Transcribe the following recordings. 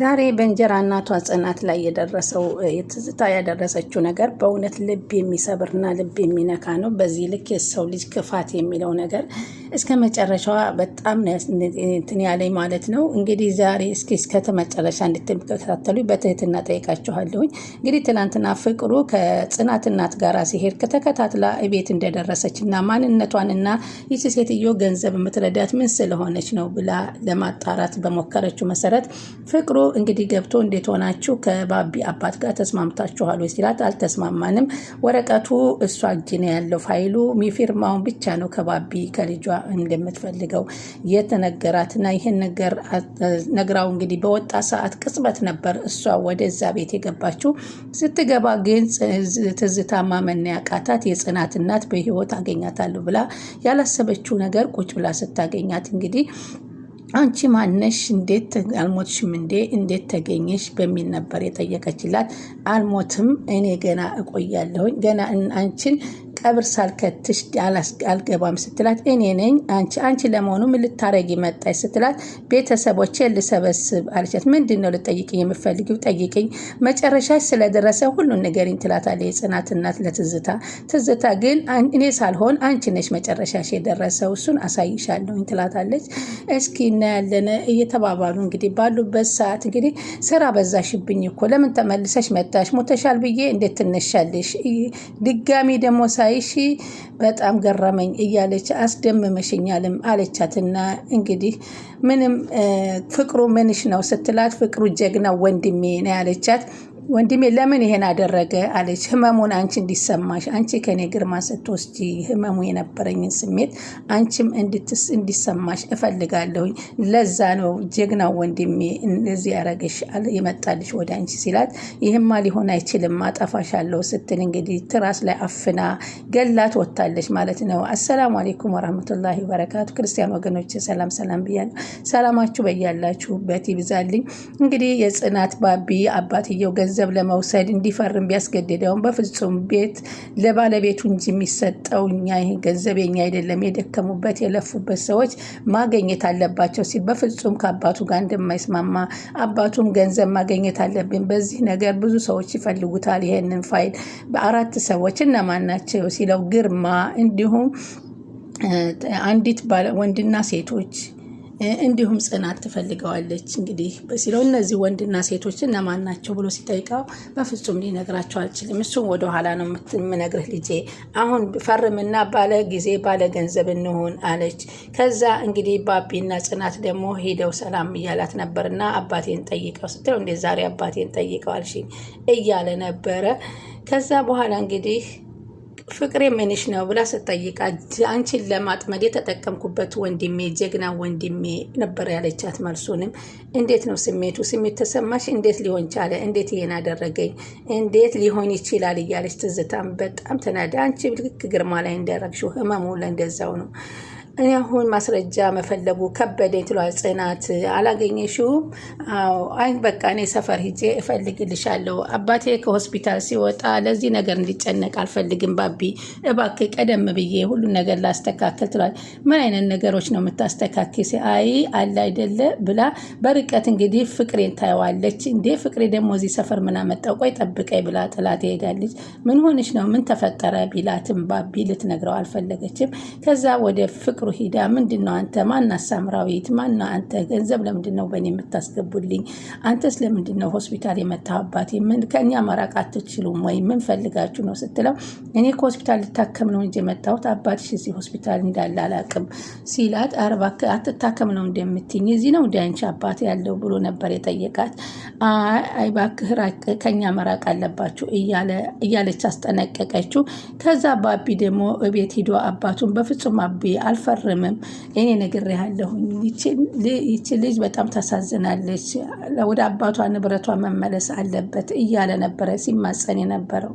ዛሬ በእንጀራ እናቷ ጽናት ላይ የደረሰው የትዝታ ያደረሰችው ነገር በእውነት ልብ የሚሰብርና ልብ የሚነካ ነው። በዚህ ልክ የሰው ልጅ ክፋት የሚለው ነገር እስከ መጨረሻዋ በጣም እንትን ያለኝ ማለት ነው። እንግዲህ ዛሬ እስኪ እስከ መጨረሻ እንድትከታተሉ በትህትና ጠይቃችኋለሁኝ። እንግዲህ ትናንትና ፍቅሩ ከጽናት እናት ጋር ሲሄድ ከተከታትላ እቤት እንደደረሰች እና ማንነቷን እና ይቺ ሴትዮ ገንዘብ የምትረዳት ምን ስለሆነች ነው ብላ ለማጣራት በሞከረችው መሰረት ፍቅሩ ጨምሮ እንግዲህ ገብቶ እንዴት ሆናችሁ ከባቢ አባት ጋር ተስማምታችኋል ወይ ሲላት አልተስማማንም፣ ወረቀቱ እሷ እጅ ነው ያለው ፋይሉ ሚፊርማውን ብቻ ነው ከባቢ ከልጇ እንደምትፈልገው የተነገራትና ይህን ነገር ነግራው እንግዲህ በወጣ ሰዓት ቅጽበት ነበር እሷ ወደዛ ቤት የገባችው። ስትገባ ግን ትዝታ ማመን ያቃታት የጽናት እናት በህይወት አገኛታለሁ ብላ ያላሰበችው ነገር ቁጭ ብላ ስታገኛት እንግዲህ አንቺ ማነሽ? እንዴት አልሞትሽም እንዴ? እንዴት ተገኘሽ? በሚል ነበር የጠየቀችላት። አልሞትም፣ እኔ ገና እቆያለሁኝ፣ ገና አንቺን ቀብር ሳልከትሽ አልገባም ስትላት፣ እኔ ነኝ አንቺ አንቺ ለመሆኑ ምን ልታረጊ መጣሽ? ስትላት፣ ቤተሰቦቼ ልሰበስብ አለቻት። ምንድን ነው ልጠይቅኝ የምፈልጊው? ጠይቅኝ፣ መጨረሻ ስለደረሰ ሁሉን ንገሪኝ ትላታለች የጽናት እናት ለትዝታ። ትዝታ ግን እኔ ሳልሆን አንቺ ነሽ መጨረሻሽ የደረሰው፣ እሱን አሳይሻለሁኝ ትላታለች። እስኪ እናያለን እየተባባሉ እንግዲህ ባሉበት ሰዓት እንግዲህ ስራ በዛሽብኝ እኮ ለምን ተመልሰሽ መጣሽ? ሞተሻል ብዬ እንዴት ትነሻለሽ? ድጋሚ ደግሞ ሳይሽ በጣም ገረመኝ እያለች አስደምመሽኛልም አለቻትና እንግዲህ ምንም ፍቅሩ ምንሽ ነው ስትላት ፍቅሩ ጀግና ወንድሜ ነው ያለቻት። ወንድሜ ለምን ይሄን አደረገ አለች። ህመሙን አንቺ እንዲሰማሽ አንቺ ከኔ ግርማ ስትወስጂ ህመሙ የነበረኝን ስሜት አንቺም እንዲሰማሽ እፈልጋለሁኝ። ለዛ ነው ጀግናው ወንድሜ እንደዚህ ያረገሽ የመጣልሽ ወደ አንቺ ሲላት፣ ይህማ ሊሆን አይችልም አጠፋሻለሁ ስትል እንግዲህ ትራስ ላይ አፍና ገላት ወታለች ማለት ነው። አሰላሙ አሌይኩም ወራህመቱላሂ ወበረካቱ። ክርስቲያን ወገኖች ሰላም ሰላም ብያለሁ። ሰላማችሁ በያላችሁበት ይብዛልኝ። እንግዲህ የጽናት ባቢ አባትየው ገንዘብ ገንዘብ ለመውሰድ እንዲፈርም ቢያስገድደውም በፍጹም ቤት ለባለቤቱ እንጂ የሚሰጠው እኛ ገንዘብ የኛ አይደለም፣ የደከሙበት የለፉበት ሰዎች ማገኘት አለባቸው ሲል በፍጹም ከአባቱ ጋር እንደማይስማማ አባቱም ገንዘብ ማገኘት አለብን፣ በዚህ ነገር ብዙ ሰዎች ይፈልጉታል ይሄንን ፋይል በአራት ሰዎች እነማን ናቸው ሲለው ግርማ እንዲሁም አንዲት ወንድና ሴቶች እንዲሁም ጽናት ትፈልገዋለች። እንግዲህ ሲለው እነዚህ ወንድና ሴቶች እነማን ናቸው ብሎ ሲጠይቀው በፍጹም ሊነግራቸው አልችልም፣ እሱም ወደኋላ ነው የምነግርህ ልጄ፣ አሁን ፈርምና ባለ ጊዜ ባለ ገንዘብ እንሆን አለች። ከዛ እንግዲህ ባቢና ጽናት ደግሞ ሄደው ሰላም እያላት ነበርና አባቴን ጠይቀው ስትለው እንዴት ዛሬ አባቴን ጠይቀው አልሽኝ እያለ ነበረ። ከዛ በኋላ እንግዲህ ፍቅሬ ምንሽ ነው ብላ ስጠይቃት አንቺን ለማጥመድ የተጠቀምኩበት ወንድሜ ጀግና ወንድሜ ነበር ያለቻት። መልሱንም እንዴት ነው ስሜቱ ስሜት ተሰማሽ? እንዴት ሊሆን ቻለ? እንዴት ይሄን አደረገኝ? እንዴት ሊሆን ይችላል? እያለች ትዝታም በጣም ተናደ። አንቺ ልክ ግርማ ላይ እንዳረግሽው ህመሙ ለእንደዛው ነው እኔ አሁን ማስረጃ መፈለጉ ከበደኝ ትሏል ጽናት። አላገኘሽውም? አዎ። አይ በቃ እኔ ሰፈር ሂጄ እፈልግልሻለሁ። አባቴ ከሆስፒታል ሲወጣ ለዚህ ነገር እንዲጨነቅ አልፈልግም። ባቢ እባክህ ቀደም ብዬ ሁሉን ነገር ላስተካከል ትሏል። ምን አይነት ነገሮች ነው የምታስተካክል? አይ አለ አይደለ ብላ በርቀት እንግዲህ ፍቅሬን ታየዋለች። እንዴ ፍቅሬ ደግሞ እዚህ ሰፈር ምን አመጣው? ቆይ ጠብቀኝ ብላ ጥላት ትሄዳለች። ምን ሆንሽ ነው ምን ተፈጠረ ቢላትም ባቢ ልትነግረው አልፈለገችም። ከዛ ወደ ፍቅሩ ጥቁር ሂዳ ምንድን ነው አንተ ማና ሳምራዊት ማና አንተ ገንዘብ ለምንድን ነው በእኔ የምታስገቡልኝ? አንተስ ለምንድን ነው ሆስፒታል የመታባት? ከእኛ መራቅ አትችሉም ወይ? ምን ፈልጋችሁ ነው ስትለው እኔ ከሆስፒታል ልታከም ነው እንጂ የመጣሁት አባትሽ እዚህ ሆስፒታል እንዳለ አላቅም ሲላት አርባ አትታከም ነው እንደምትኝ እዚህ ነው እንደ አንቺ አባት ያለው ብሎ ነበር የጠየቃት። አይ እባክህ ከእኛ መራቅ አለባችሁ እያለች አስጠነቀቀችው። ከዛ ባቢ ደግሞ ቤት ሂዶ አባቱን በፍጹም አቢ አልፈ አልፈርምም። እኔ ነግሬሃለሁኝ። ይቺ ልጅ በጣም ታሳዝናለች፣ ወደ አባቷ ንብረቷ መመለስ አለበት እያለ ነበረ ሲማፀን የነበረው።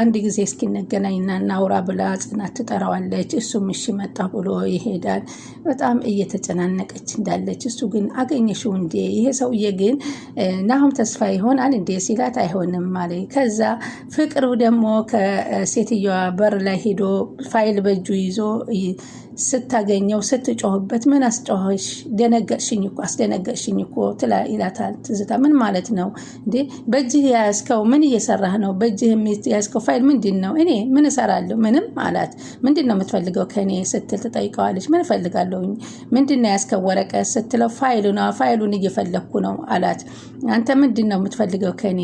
አንድ ጊዜ እስኪነገናኝና እናውራ ብላ ጽናት ትጠራዋለች። እሱም እሺ መጣ ብሎ ይሄዳል። በጣም እየተጨናነቀች እንዳለች እሱ ግን አገኘሽው እንዴ? ይሄ ሰውዬ ግን ናሁም ተስፋ ይሆናል እንዴ ሲላት አይሆንም አለ። ከዛ ፍቅሩ ደግሞ ከሴትዮዋ በር ላይ ሄዶ ፋይል በእጁ ይዞ ስታገኘው ስትጮህበት፣ ምን አስጮኸሽ? ደነገጥሽኝ እኮ አስደነገጥሽኝ እኮ ትላ ይላታል። ትዝታ ምን ማለት ነው እንዴ? በእጅህ የያዝከው ምን እየሰራህ ነው? በእጅህ የያዝከው ፋይል ምንድን ነው? እኔ ምን እሰራለሁ? ምንም አላት። ምንድን ነው የምትፈልገው ከኔ ስትል ትጠይቀዋለች። ምን እፈልጋለሁ? ምንድን ነው የያዝከው ወረቀት ስትለው ፋይሉ ነው፣ ፋይሉን እየፈለግኩ ነው አላት። አንተ ምንድን ነው የምትፈልገው ከኔ?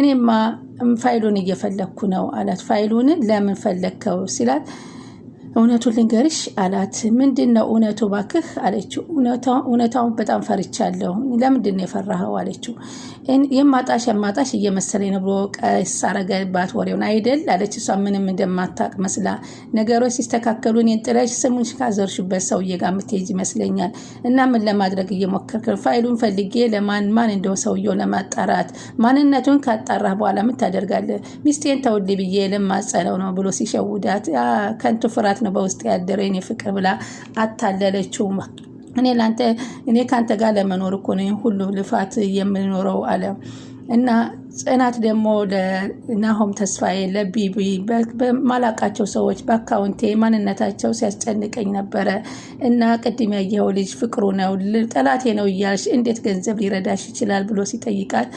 እኔማ ፋይሉን እየፈለግኩ ነው አላት። ፋይሉን ለምን ፈለግከው ሲላት እውነቱን ልንገርሽ አላት። ምንድን ነው እውነቱ ባክህ አለችው። እውነታውን በጣም ፈርቻለሁ። ለምንድን ነው የፈራኸው አለችው። የማጣሽ የማጣሽ እየመሰለኝ ነው ብሎ ቀስ አረገባት ወሬውን አይደል አለች። እሷ ምንም እንደማታቅ መስላ ነገሮች ሲስተካከሉ እኔን ጥለሽ ስሙሽ ካዘርሽበት ሰውዬ ጋር የምትሄጂ ይመስለኛል። እና ምን ለማድረግ እየሞከርክ ፋይሉን ፈልጌ ለማን ማን እንደው ሰውየው ለማጣራት ማንነቱን ካጣራህ በኋላ ምን ታደርጋለህ? ሚስቴን ተውል ብዬ ለማጸነው ነው ብሎ ሲሸውዳት ከንቱ ፍርሃት ነው በውስጥ ያደረ የኔ ፍቅር ብላ አታለለችው። እኔ ለአንተ እኔ ከአንተ ጋር ለመኖር እኮ ሁሉ ልፋት የምኖረው አለ እና ጽናት ደግሞ ለናሆም ተስፋዬ ለቢቢ በማላቃቸው ሰዎች በአካውንቴ ማንነታቸው ሲያስጨንቀኝ ነበረ እና ቅድም ያየኸው ልጅ ፍቅሩ ነው ጠላቴ ነው እያልሽ እንዴት ገንዘብ ሊረዳሽ ይችላል ብሎ ሲጠይቃት፣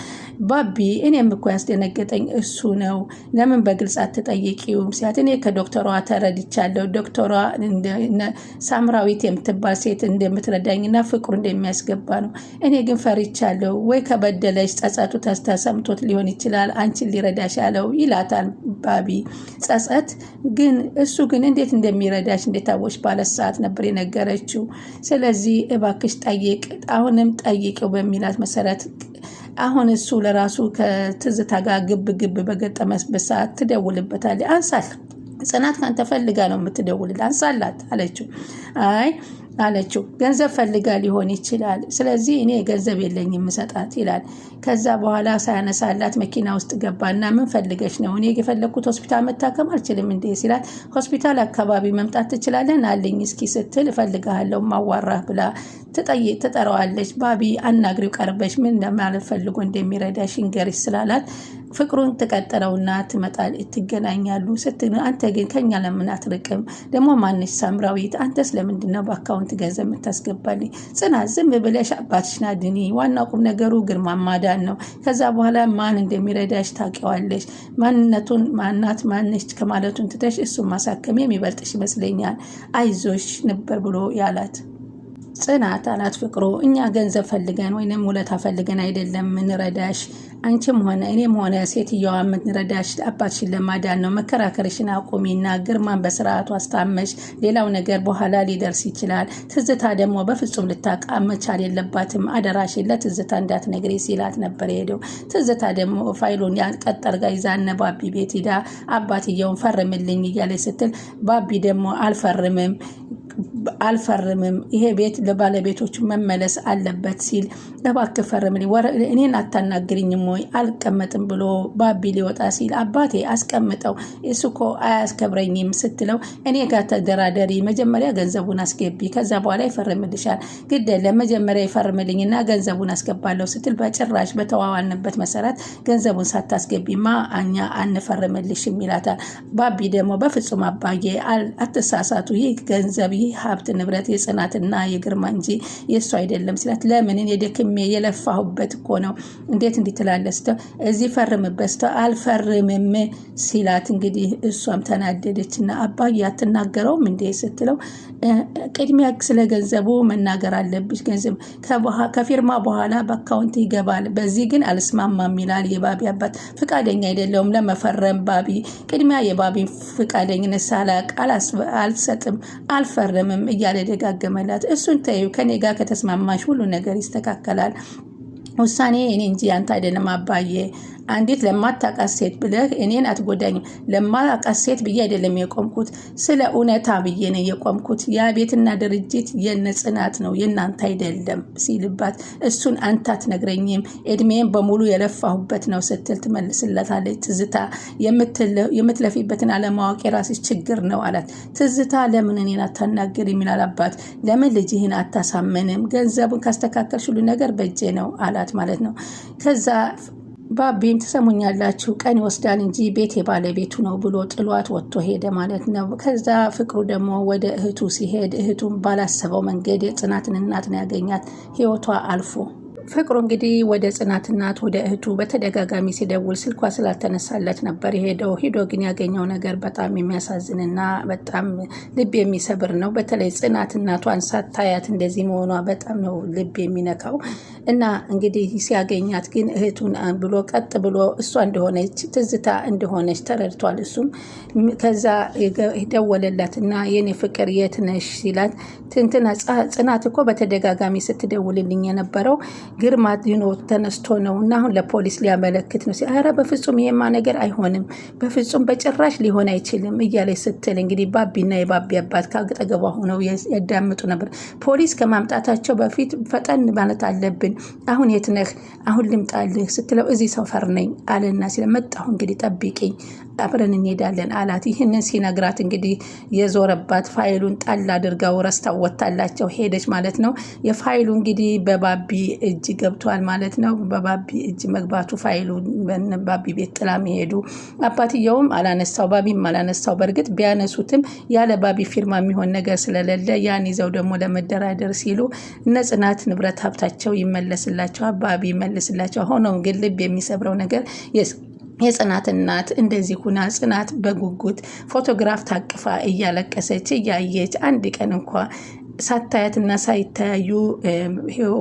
ባቢ እኔም እኮ ያስደነገጠኝ እሱ ነው ለምን በግልጽ አትጠይቂውም ሲያት፣ እኔ ከዶክተሯ ተረድቻለሁ ዶክተሯ ሳምራዊት የምትባል ሴት እንደምትረዳኝና ፍቅሩ እንደሚያስገባ ነው። እኔ ግን ፈሪቻለሁ ወይ ከበደለች ጸጸቱ ተስተሰምቶት ሊሆን ይችላል አንቺን ሊረዳሽ ያለው ይላታል ባቢ ጸጸት። ግን እሱ ግን እንዴት እንደሚረዳሽ እንደታወሽ ባለት ሰዓት ነበር የነገረችው። ስለዚህ እባክሽ ጠይቅ፣ አሁንም ጠይቀው በሚላት መሰረት አሁን እሱ ለራሱ ከትዝታ ጋር ግብ ግብ በገጠመበት ሰዓት ትደውልበታለች። አንሳል ጽናት ካንተ ፈልጋ ነው የምትደውልል፣ አንሳላት አለችው። አይ አለችው። ገንዘብ ፈልጋ ሊሆን ይችላል። ስለዚህ እኔ ገንዘብ የለኝም የምሰጣት ይላል። ከዛ በኋላ ሳያነሳላት መኪና ውስጥ ገባና ምን ፈልገች ነው? እኔ የፈለግኩት ሆስፒታል መታከም አልችልም እንዴ ሲላት፣ ሆስፒታል አካባቢ መምጣት ትችላለን አለኝ እስኪ ስትል እፈልግሃለሁ ማዋራህ ብላ ትጠይቅ ትጠራዋለች። ባቢ አናግሪው ቀርበች ምን ለማለት ፈልጎ እንደሚረዳሽ ንገሪሽ ስላላት ፍቅሩን ትቀጥለውና ትመጣል ትገናኛሉ ስትል አንተ ግን ከኛ ለምን አትርቅም? ደግሞ ማነች ሳምራዊት? አንተስ ለምንድነው በአካውንት ገንዘብ የምታስገባልኝ? ጽናት ዝም ብለሽ አባትሽና ድኒ። ዋና ቁም ነገሩ ግርማ ማዳን ነው። ከዛ በኋላ ማን እንደሚረዳሽ ታውቂዋለሽ። ማንነቱን ማናት ማነች ከማለቱን ትተሽ እሱን ማሳከም የሚበልጥሽ ይመስለኛል። አይዞሽ ነበር ብሎ ያላት ጽናት አላት ፍቅሩ። እኛ ገንዘብ ፈልገን ወይንም ውለታ ፈልገን አይደለም ምንረዳሽ፣ አንቺም ሆነ እኔም ሆነ ሴትየዋ ምንረዳሽ አባትሽን ለማዳን ነው። መከራከርሽን አቁሚና ግርማን በስርዓቱ አስታመሽ፣ ሌላው ነገር በኋላ ሊደርስ ይችላል። ትዝታ ደግሞ በፍጹም ልታቃመች አልየለባትም። አደራሽን ለትዝታ እንዳትነግሪ ሲላት ነበር የሄደው። ትዝታ ደግሞ ፋይሉን ያንቀጠር ጋር ይዛነ ባቢ ቤት ሂዳ አባትየውን ፈርምልኝ እያለች ስትል ባቢ ደግሞ አልፈርምም አልፈርምም፣ ይሄ ቤት ለባለቤቶቹ መመለስ አለበት ሲል እባክህ ፈርምልኝ፣ እኔን አታናግርኝም ወይ አልቀመጥም ብሎ ባቢ ሊወጣ ሲል አባቴ አስቀምጠው እሱ እኮ አያስከብረኝም ስትለው እኔ ጋር ተደራደሪ፣ መጀመሪያ ገንዘቡን አስገቢ፣ ከዛ በኋላ ይፈርምልሻል። ግድ የለም መጀመሪያ ይፈርምልኝና ገንዘቡን አስገባለሁ ስትል በጭራሽ በተዋዋልንበት መሰረት ገንዘቡን ሳታስገቢማ እኛ አንፈርምልሽም ይላታል። ባቢ ደግሞ በፍጹም አባዬ አትሳሳቱ፣ ይህ ገንዘብ ይህ ሀብት ንብረት የጽናትና የግርማ እንጂ የእሱ አይደለም ሲላት ለምንን የደክሜ የለፋሁበት እኮ ነው እንዴት እንዲትላለህ ስተው እዚህ ፈርምበት ስተው አልፈርምም ሲላት እንግዲህ እሷም ተናደደች እና አባዬ አትናገረውም እንዴ ስትለው ቅድሚያ ስለ ገንዘቡ መናገር አለብሽ ገንዘብ ከፊርማ በኋላ በአካውንት ይገባል በዚህ ግን አልስማማም ይላል የባቢ አባት ፍቃደኛ አይደለውም ለመፈረም ባቢ ቅድሚያ የባቢ ፍቃደኝነት ሳላቅ አልሰጥም አልፈርምም እያለ ደጋገመላት። እሱን ተዩ፣ ከኔ ጋር ከተስማማሽ ሁሉ ነገር ይስተካከላል። ውሳኔ እኔ እንጂ አንተ አይደለም አባዬ አንዲት ለማታውቃት ሴት ብለህ እኔን አትጎዳኝም። ለማውቃት ሴት ብዬ አይደለም የቆምኩት፣ ስለ እውነታ ብዬ ነው የቆምኩት። ያ ቤትና ድርጅት የነ ጽናት ነው የእናንተ አይደለም ሲልባት፣ እሱን አንተ አትነግረኝም እድሜን በሙሉ የለፋሁበት ነው ስትል ትመልስለታለች። ትዝታ የምትለፊበትን አለማወቅ የራስሽ ችግር ነው አላት። ትዝታ ለምን እኔን አታናግር የሚላል አባት። ለምን ልጅህን አታሳምንም? ገንዘቡን ካስተካከልሽ ሁሉ ነገር በእጄ ነው አላት ማለት ነው ከዛ ባቢን ትሰሙኛላችሁ፣ ቀን ይወስዳል እንጂ ቤት የባለቤቱ ነው ብሎ ጥሏት ወጥቶ ሄደ ማለት ነው። ከዛ ፍቅሩ ደግሞ ወደ እህቱ ሲሄድ እህቱን ባላሰበው መንገድ ጽናትን እናት ነው ያገኛት፣ ህይወቷ አልፎ ፍቅሩ እንግዲህ ወደ ጽናት እናት ወደ እህቱ በተደጋጋሚ ሲደውል ስልኳ ስላልተነሳለት ነበር የሄደው። ሂዶ ግን ያገኘው ነገር በጣም የሚያሳዝንና በጣም ልብ የሚሰብር ነው። በተለይ ጽናት እናቷን ሳታያት እንደዚህ መሆኗ በጣም ነው ልብ የሚነካው። እና እንግዲህ ሲያገኛት ግን እህቱን ብሎ ቀጥ ብሎ እሷ እንደሆነች ትዝታ እንደሆነች ተረድቷል። እሱም ከዛ ደወለላት እና የኔ ፍቅር የት ነሽ ሲላት ትንትና ጽናት እኮ በተደጋጋሚ ስትደውልልኝ የነበረው ግርማ ተነስቶ ነው እና አሁን ለፖሊስ ሊያመለክት ነው። ኧረ በፍጹም ይሄማ ነገር አይሆንም፣ በፍጹም በጭራሽ ሊሆን አይችልም እያለች ስትል እንግዲህ ባቢና የባቢ አባት ከአጠገቧ ሆነው ያዳምጡ ነበር። ፖሊስ ከማምጣታቸው በፊት ፈጠን ማለት አለብን አሁን የት ነህ? አሁን ልምጣልህ ስትለው እዚህ ሰፈር ነኝ አለና ሲለ መጣሁ እንግዲህ ጠብቂኝ አብረን እንሄዳለን አላት። ይህንን ሲነግራት እንግዲህ የዞረባት ፋይሉን ጣል አድርጋው ረስታው ወታላቸው ሄደች ማለት ነው። የፋይሉ እንግዲህ በባቢ እጅ ገብቷል ማለት ነው። በባቢ እጅ መግባቱ ፋይሉ ባቢ ቤት ጥላ መሄዱ አባትየውም አላነሳው፣ ባቢም አላነሳው። በእርግጥ ቢያነሱትም ያለ ባቢ ፊርማ የሚሆን ነገር ስለሌለ ያን ይዘው ደግሞ ለመደራደር ሲሉ እነ ጽናት ንብረት ሀብታቸው ይመለ ይመለስላቸው አባቢ ይመለስላቸው። ሆኖም ግን ልብ የሚሰብረው ነገር የጽናት እናት እንደዚህ ሁና ጽናት በጉጉት ፎቶግራፍ ታቅፋ እያለቀሰች እያየች አንድ ቀን እንኳ ሳታያትና ሳይተያዩ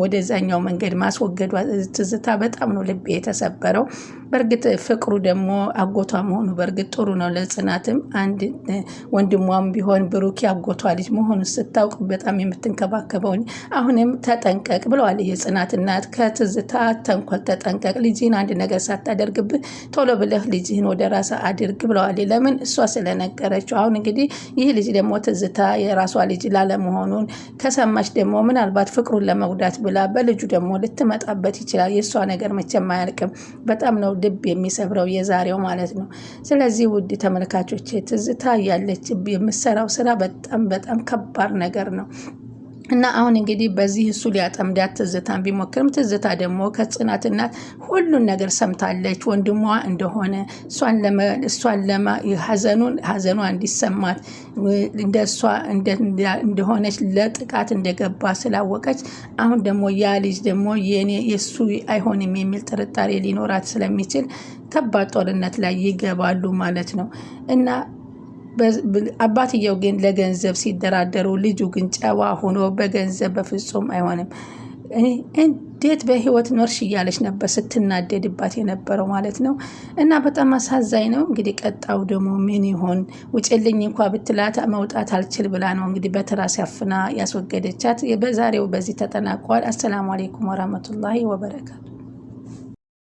ወደዛኛው መንገድ ማስወገዷ ትዝታ በጣም ነው ልብ የተሰበረው። በእርግጥ ፍቅሩ ደግሞ አጎቷ መሆኑ በእርግጥ ጥሩ ነው። ለጽናትም አንድ ወንድሟም ቢሆን ብሩኪ አጎቷ ልጅ መሆኑ ስታውቅ በጣም የምትንከባከበውን አሁንም ተጠንቀቅ ብለዋል የጽናት እናት። ከትዝታ ተንኮል ተጠንቀቅ፣ ልጅህን አንድ ነገር ሳታደርግብህ ቶሎ ብለህ ልጅህን ወደ ራስ አድርግ ብለዋል። ለምን እሷ ስለነገረችው። አሁን እንግዲህ ይህ ልጅ ደግሞ ትዝታ የራሷ ልጅ ላለመሆኑን ከሰማች ደግሞ ምናልባት ፍቅሩን ለመጉዳት ብላ በልጁ ደግሞ ልትመጣበት ይችላል። የእሷ ነገር መቼም አያልቅም። በጣም ነው ልብ የሚሰብረው የዛሬው ማለት ነው። ስለዚህ ውድ ተመልካቾች ትዝታ ያለች የምትሰራው ስራ በጣም በጣም ከባድ ነገር ነው። እና አሁን እንግዲህ በዚህ እሱ ሊያጠምዳት ትዝታን ቢሞክርም ትዝታ ደግሞ ከጽናት እናት ሁሉን ነገር ሰምታለች። ወንድሟ እንደሆነ እሷን ለማ ሐዘኗ እንዲሰማት እንደ እሷ እንደሆነች ለጥቃት እንደገባ ስላወቀች አሁን ደግሞ ያ ልጅ ደግሞ የኔ የእሱ አይሆንም የሚል ጥርጣሬ ሊኖራት ስለሚችል ከባድ ጦርነት ላይ ይገባሉ ማለት ነው እና አባትየው ግን ለገንዘብ ሲደራደሩ፣ ልጁ ግን ጨዋ ሆኖ በገንዘብ በፍጹም አይሆንም። እንዴት በህይወት ኖርሽ እያለች ነበር ስትናደድባት የነበረው ማለት ነው። እና በጣም አሳዛኝ ነው። እንግዲህ ቀጣው ደግሞ ምን ይሆን? ውጭልኝ እንኳ ብትላት መውጣት አልችል ብላ ነው እንግዲህ በትራ ሲያፍና ያስወገደቻት። በዛሬው በዚህ ተጠናቋል። አሰላሙ አሌይኩም ወራህመቱላሂ ወበረካቱ